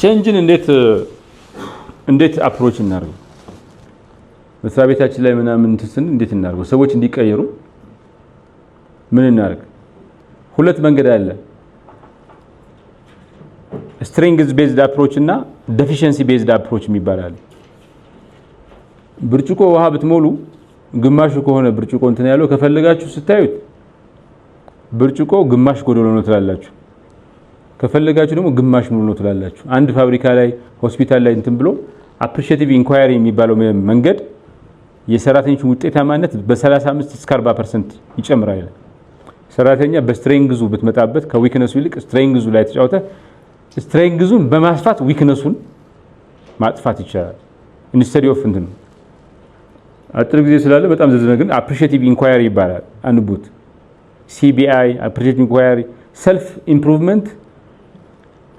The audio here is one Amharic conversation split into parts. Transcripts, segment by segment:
ቼንጅን እንዴት እንዴት አፕሮች እናደርገው? መስሪያ ቤታችን ላይ ምናምን እንትን እንዴት እናድርገው? ሰዎች እንዲቀየሩ ምን እናድርግ? ሁለት መንገድ አለ። ስትሪንግዝ ቤዝድ አፕሮች እና ዴፊሽንሲ ቤዝድ አፕሮች የሚባል አለ። ብርጭቆ ውሃ ብትሞሉ ግማሹ ከሆነ ብርጭቆ እንትን ያለው ከፈለጋችሁ ስታዩት ብርጭቆ ግማሽ ጎደሎ ነው ትላላችሁ። ከፈለጋችሁ ደግሞ ግማሽ ሙሉ ነው ትላላችሁ። አንድ ፋብሪካ ላይ ሆስፒታል ላይ እንትን ብሎ አፕሪሼቲቭ ኢንኳሪ የሚባለው መንገድ የሰራተኞችን ውጤታማነት በ35 እስከ 40 ፐርሰንት ይጨምራል። ሰራተኛ በስትሬንግዙ ብትመጣበት ከዊክነሱ ይልቅ ስትሬንግዙ ላይ ተጫውተ ስትሬንግዙን በማስፋት ዊክነሱን ማጥፋት ይቻላል። ኢንስተዲ ኦፍ እንትን አጭር ጊዜ ስላለ በጣም ዘዝነ ግን አፕሪሺቲቭ ኢንኳሪ ይባላል። አንቡት ሲቢአይ አፕሪሺቲቭ ኢንኳሪ ሰልፍ ኢምፕሩቭመንት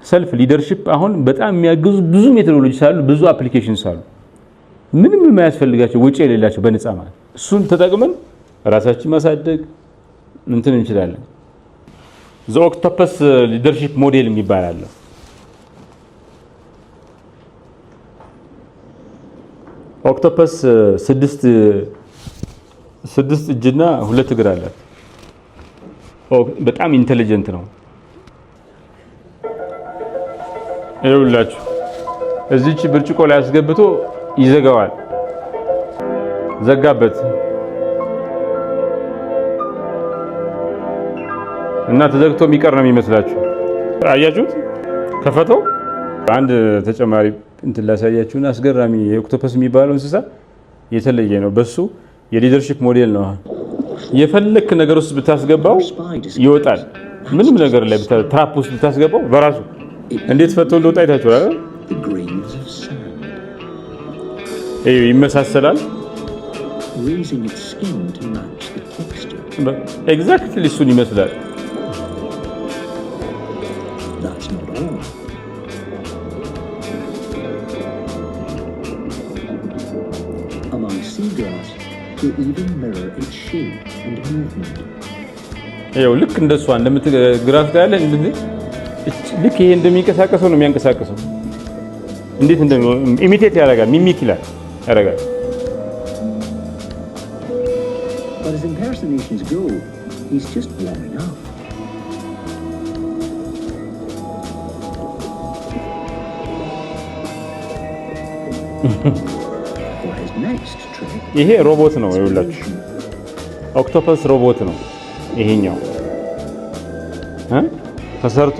ሰልፍ ሊደርሽፕ አሁን በጣም የሚያግዙ ብዙ ሜቶዶሎጂ ሳሉ ብዙ አፕሊኬሽን ሳሉ ምንም የማያስፈልጋቸው ወጪ የሌላቸው በነፃ ማለት እሱን ተጠቅመን ራሳችን ማሳደግ እንትን እንችላለን። ዘኦክቶፐስ ሊደርሺፕ ሞዴል የሚባል አለ። ኦክቶፐስ ስድስት ስድስት እጅና ሁለት እግር አላት። በጣም ኢንቴሊጀንት ነው። ይኸውላችሁ እዚች ብርጭቆ ላይ አስገብቶ ይዘጋዋል። ዘጋበት እና ተዘግቶ የሚቀር ነው የሚመስላችሁ። አያችሁት? ከፈተው። አንድ ተጨማሪ እንትን ላሳያችሁና አስገራሚ የኦክቶፐስ የሚባለው እንስሳ የተለየ ነው። በሱ የሊደርሽፕ ሞዴል ነው። የፈለክ ነገር ውስጥ ብታስገባው ይወጣል። ምንም ነገር ላይ ትራፕ ውስጥ ብታስገባው በራሱ እንዴት ፈቶ እንደወጣ አይታችኋል አይደል? እዩ ይመሳሰላል። ኤግዛክትሊ እሱን ይመስላል። ይኸው ልክ እንደሷ እንደምትግራፍ ያለ እንዴ ልክ ይሄ እንደሚንቀሳቀሰው ነው የሚያንቀሳቀሰው። እንዴት እንደ ኢሚቴት ያደርጋል ሚሚክ ይላል ያደርጋል። ይሄ ሮቦት ነው ይውላችሁ፣ ኦክቶፐስ ሮቦት ነው ይሄኛው ተሰርቶ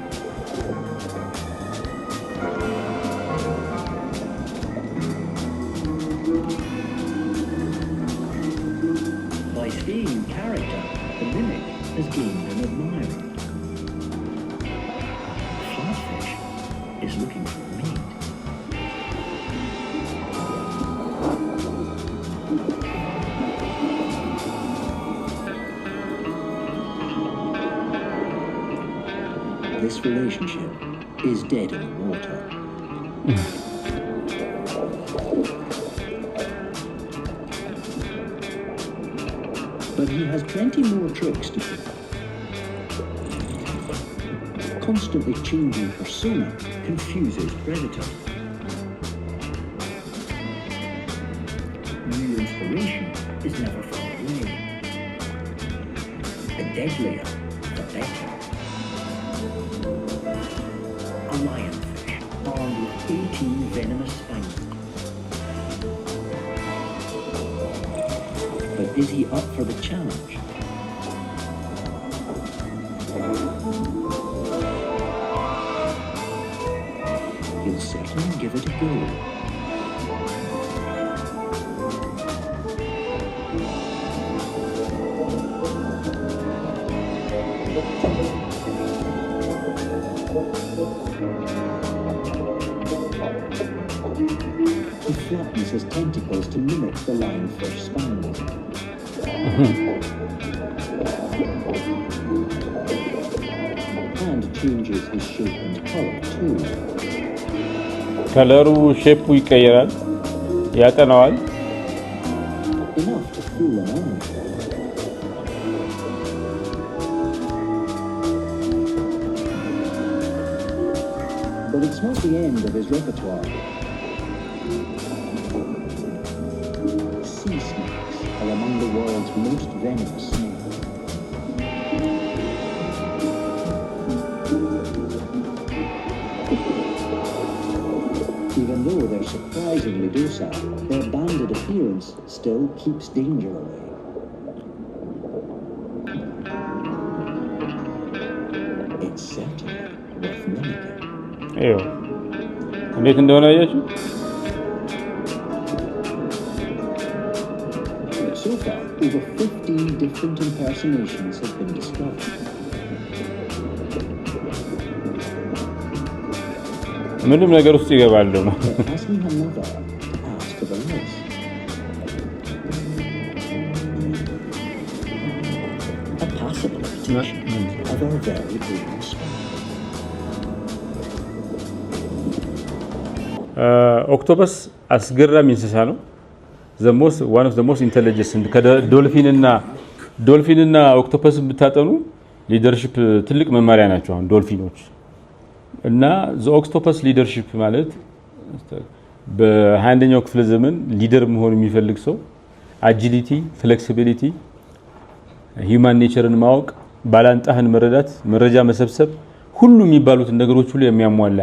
has gained an admirer. Flatfish is looking for meat. This relationship is dead in the water. he has plenty more tricks to do. Constantly changing persona confuses Predator. New inspiration is never far away. The deadlier, the better. A lionfish armed with 18 venomous spines but is he up for the challenge? He'll certainly give it a go. He flattens his tentacles to mimic the lionfish spines and changes his shape and color too. ከለሩ ሼፑ ይቀየራል፣ ያጠናዋል። But it's not the end of his repertoire. most venomous snake. Even though they're surprisingly docile, their banded appearance still keeps danger away. It's worth mimicking. Ew. እንዴት እንደሆነ አያችሁ? Over 15 different impersonations have been described. ምንም ነገር ውስጥ ይገባሉ ነው። ኦክቶፐስ አስገራሚ እንስሳ ነው። ዋን ኦፍ ዘ ሞስት ኢንቴሊጀንስ ከዶልፊንና ዶልፊንና ኦክቶፐስ ብታጠኑ ሊደርሽፕ ትልቅ መማሪያ ናቸው። አሁን ዶልፊኖች እና ዘ ኦክቶፐስ ሊደርሺፕ ማለት በ21ኛው ክፍለ ዘመን ሊደር መሆን የሚፈልግ ሰው አጂሊቲ፣ ፍሌክሲቢሊቲ፣ ሂውማን ኔቸርን ማወቅ፣ ባላንጣህን መረዳት፣ መረጃ መሰብሰብ ሁሉ የሚባሉትን ነገሮች ሁሉ የሚያሟላ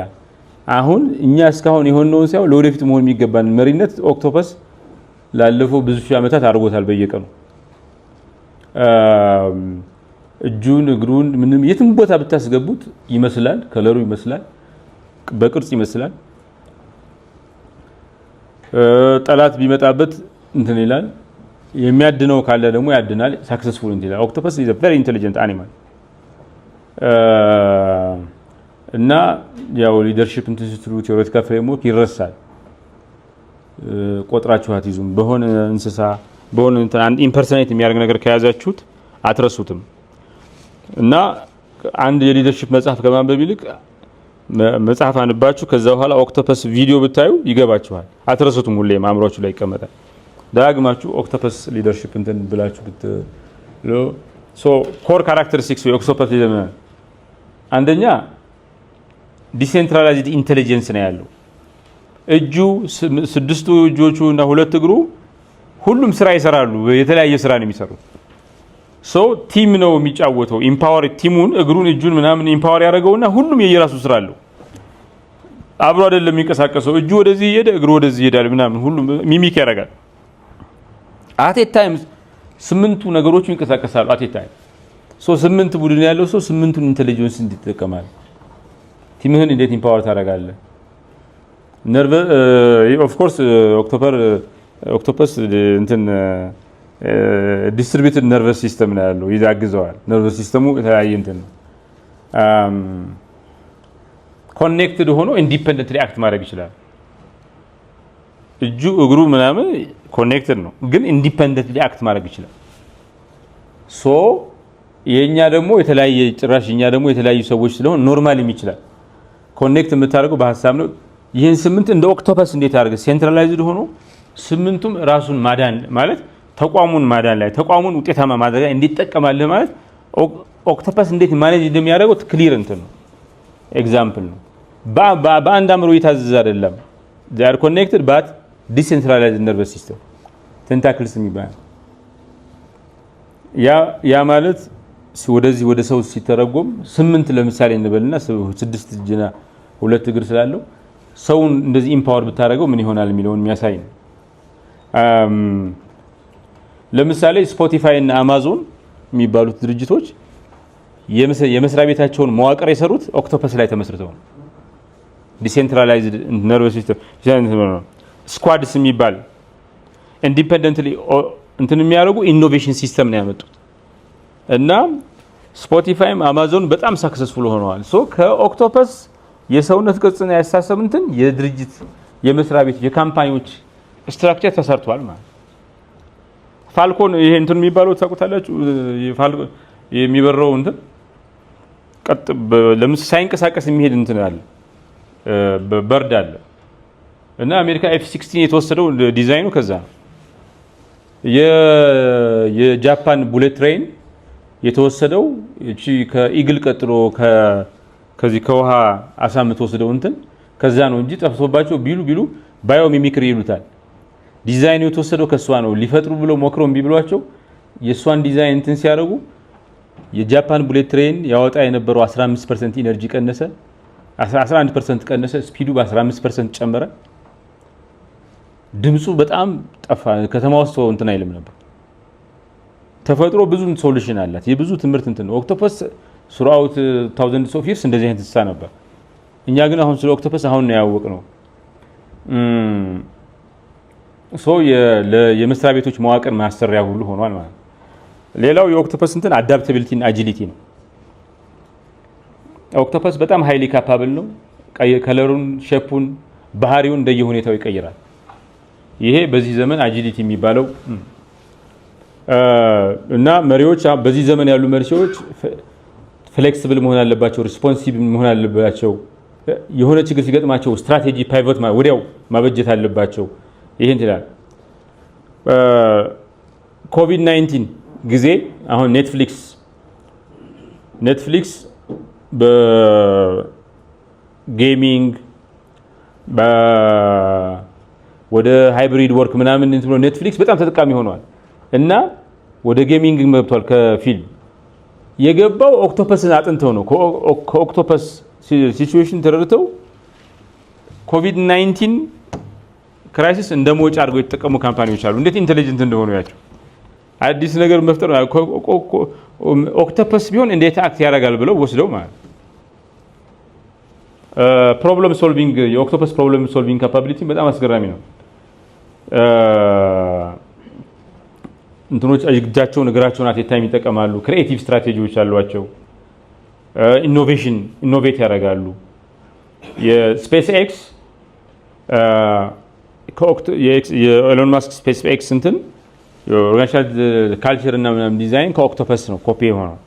አሁን እኛ እስካሁን የሆነውን ሳይሆን ለወደፊት መሆን የሚገባን መሪነት ኦክቶፐስ ላለፉ ብዙ ሺህ ዓመታት አድርጎታል። በየቀኑ እጁን እግሩን ምንም የትም ቦታ ብታስገቡት ይመስላል፣ ከለሩ ይመስላል፣ በቅርጽ ይመስላል። ጠላት ቢመጣበት እንትን ይላል። የሚያድነው ካለ ደግሞ ያድናል። ሳክሰስፉል እንትን ይላል። ኦክቶፐስ ኢዝ ቨሪ ኢንቴሊጀንት አኒማል እና ያው ሊደርሽፕ እንትን ስትሉ ቴዎሬቲካል ፍሬምወርክ ይረሳል። ቆጥራችሁ አትይዙም። በሆነ እንስሳ በሆነ ኢምፐርሰኔት የሚያደርግ ነገር ከያዛችሁት አትረሱትም እና አንድ የሊደርሺፕ መጽሐፍ ከማንበብ ይልቅ መጽሐፍ አንባችሁ ከዛ በኋላ ኦክቶፐስ ቪዲዮ ብታዩ ይገባችኋል። አትረሱትም፣ ሁሌም አእምሯችሁ ላይ ይቀመጣል። ዳግማችሁ ኦክቶፐስ ሊደርሺፕ እንትን ብላችሁ ብት ኮር ካራክተሪስቲክስ የኦክቶፐስ አንደኛ ዲሴንትራላይዝድ ኢንቴሊጀንስ ነው ያለው እጁ ስድስቱ እጆቹ እና ሁለት እግሩ ሁሉም ስራ ይሰራሉ። የተለያየ ስራ ነው የሚሰሩት። ሰው ቲም ነው የሚጫወተው። ኢምፓወር ቲሙን እግሩን፣ እጁን ምናምን ኢምፓወር ያደረገውና ሁሉም የየራሱ ስራ አለው። አብሮ አይደለም የሚንቀሳቀሰው። እጁ ወደዚህ እየሄደ እግሩ ወደዚህ ይሄዳል ምናምን፣ ሁሉም ሚሚክ ያደርጋል። አቴ ታይምስ ስምንቱ ነገሮቹ ይንቀሳቀሳሉ። አቴ ታይም ሶ ስምንት ቡድን ያለው ሰው ስምንቱን ኢንቴሊጀንስ እንዲጠቀማል። ቲምህን እንዴት ኢምፓወር ታደርጋለህ? ነርቭ ኦፍ ኮርስ ኦክቶፐር ኦክቶፐስ እንትን ዲስትሪቢዩትድ ነርቨስ ሲስተም ነው ያለው፣ ይዳግዘዋል። ነርቨስ ሲስተሙ የተለያየ እንትን ነው ኮኔክትድ um, ሆኖ ኢንዲፐንደንት ሪአክት ማድረግ ይችላል። እጁ እግሩ ምናምን ኮኔክትድ ነው፣ ግን ኢንዲፐንደንት ሪአክት ማድረግ ይችላል። ሶ የእኛ ደግሞ የተለያየ ጭራሽ እኛ ደግሞ የተለያዩ ሰዎች ስለሆን ኖርማልም ይችላል። ኮኔክት የምታደርገው በሀሳብ ነው። ይህን ስምንት እንደ ኦክቶፐስ እንዴት አድርገ ሴንትራላይዝድ ሆኖ ስምንቱም ራሱን ማዳን ማለት ተቋሙን ማዳን ላይ ተቋሙን ውጤታማ ማድረግ ላይ እንዲጠቀማልህ ማለት ኦክቶፐስ እንዴት ማኔጅ እንደሚያደርገው ክሊር እንትን ነው፣ ኤግዛምፕል ነው። በአንድ አምሮ እየታዘዘ አይደለም። ዚር ኮኔክትድ ባት ዲሴንትራላይዝድ ነርቨስ ሲስተም ቴንታክልስ የሚባል ያ ማለት ወደዚህ ወደ ሰው ሲተረጎም ስምንት ለምሳሌ እንበልና ስድስት እጅና ሁለት እግር ስላለው ሰውን እንደዚህ ኢምፓወር ብታደረገው ምን ይሆናል የሚለውን የሚያሳይ ነው። ለምሳሌ ስፖቲፋይ እና አማዞን የሚባሉት ድርጅቶች የመስሪያ ቤታቸውን መዋቅር የሰሩት ኦክቶፐስ ላይ ተመስርተው ነው። ዲሴንትራላይዝድ ሲስተም ስኳድስ የሚባል ኢንዲፔንደንትሊ እንትን የሚያደርጉ ኢኖቬሽን ሲስተም ነው ያመጡት እና ስፖቲፋይም አማዞን በጣም ሳክሰስፉል ሆነዋል። ሶ ከኦክቶፐስ የሰውነት ቅርጽና ያሳሰብ እንትን የድርጅት የመስሪያ ቤት የካምፓኒዎች ስትራክቸር ተሰርቷል ማለት ፋልኮን ይሄ እንትን የሚባለው ታውቁታላችሁ። የሚበረው እንትን ቀጥ ለምስ ሳይንቀሳቀስ የሚሄድ እንትን አለ በርድ አለ እና አሜሪካ ኤፍ 16 የተወሰደው ዲዛይኑ ከዛ ነው። የጃፓን ቡሌት ትሬን የተወሰደው ከኢግል ቀጥሎ ከዚህ ከውሃ አሳ የምትወስደው እንትን ከዛ ነው እንጂ ጠፍቶባቸው ቢሉ ቢሉ ባዮ ሚሚክሪ ይሉታል። ዲዛይኑ የተወሰደው ከእሷ ነው። ሊፈጥሩ ብለው ሞክረው እምቢ ብሏቸው የእሷን ዲዛይን እንትን ሲያደርጉ የጃፓን ቡሌት ትሬን ያወጣ የነበረው 15% ኢነርጂ ቀነሰ፣ 11% ቀነሰ፣ ስፒዱ በ15% ጨመረ። ድምፁ በጣም ጠፋ። ከተማ ውስጥ እንትን አይልም ነበር። ተፈጥሮ ብዙ ሶሉሽን አላት። የብዙ ትምህርት እንትን ኦክቶፐስ ስሩአውት ታውዘንድ ኦፍ ይርስ እንደዚህ አይነት እንስሳ ነበር። እኛ ግን አሁን ስለ ኦክቶፐስ አሁን ነው ያወቅ ነው። ሰው የመስሪያ ቤቶች መዋቅር ማሰሪያ ሁሉ ሆኗል ማለት ነው። ሌላው የኦክቶፐስ እንትን አዳፕታቢሊቲና አጂሊቲ ነው። ኦክቶፐስ በጣም ሀይሊ ካፓብል ነው። ከለሩን፣ ሼፑን፣ ባህሪውን እንደየ ሁኔታው ይቀይራል። ይሄ በዚህ ዘመን አጂሊቲ የሚባለው እና መሪዎች በዚህ ዘመን ያሉ መሪዎች ፍሌክስብል መሆን አለባቸው፣ ሪስፖንሲቭ መሆን አለባቸው። የሆነ ችግር ሲገጥማቸው ስትራቴጂ ፓይቮት ወዲያው ማበጀት አለባቸው። ይህን ይላል። ኮቪድ 19 ጊዜ አሁን ኔትፍሊክስ ኔትፍሊክስ በጌሚንግ ወደ ሃይብሪድ ወርክ ምናምን ኔትፍሊክስ በጣም ተጠቃሚ ሆኗል እና ወደ ጌሚንግ መብቷል ከፊልም የገባው ኦክቶፐስን አጥንተው ነው። ከኦክቶፐስ ሲቹዌሽን ተረድተው ኮቪድ 19 ክራይሲስ እንደ መውጫ አድርገው የተጠቀሙ ካምፓኒዎች አሉ። እንዴት ኢንቴሊጀንት እንደሆኑ ያቸው አዲስ ነገር መፍጠር ኦክቶፐስ ቢሆን እንዴት አክት ያደርጋል ብለው ወስደው ማለት ፕሮብለም ሶልቪንግ የኦክቶፐስ ፕሮብለም ሶልቪንግ ካፓቢሊቲ በጣም አስገራሚ ነው። እንትኖች እጃቸውን እግራቸውን አቴት ይጠቀማሉ። ክሪኤቲቭ ስትራቴጂዎች አሏቸው። ኢኖቬሽን ኢኖቬት ያደርጋሉ። የስፔስ ኤክስ የኤሎን ማስክ ስፔስ ኤክስ እንትን ኦርጋናይዜሽናል ካልቸር እና ምናምን ዲዛይን ከኦክቶፐስ ነው ኮፒ የሆነው።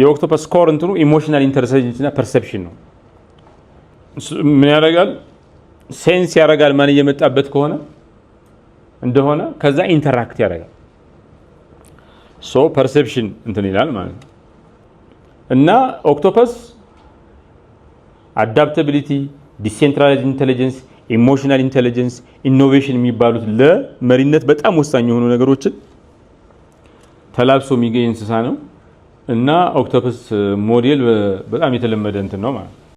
የኦክቶፐስ ኮር እንትኑ ኢሞሽናል ኢንተርሰጀንስ እና ፐርሰፕሽን ነው። ምን ያደርጋል? ሴንስ ያረጋል ማን እየመጣበት ከሆነ እንደሆነ ከዛ ኢንተራክት ያደርጋል። ሶ ፐርሴፕሽን እንትን ይላል ማለት ነው። እና ኦክቶፐስ አዳፕታቢሊቲ፣ ዲሴንትራላይዝድ ኢንቴሊጀንስ፣ ኢሞሽናል ኢንቴሊጀንስ፣ ኢኖቬሽን የሚባሉት ለመሪነት በጣም ወሳኝ የሆኑ ነገሮችን ተላብሶ የሚገኝ እንስሳ ነው እና ኦክቶፐስ ሞዴል በጣም የተለመደ እንትን ነው ማለት ነው።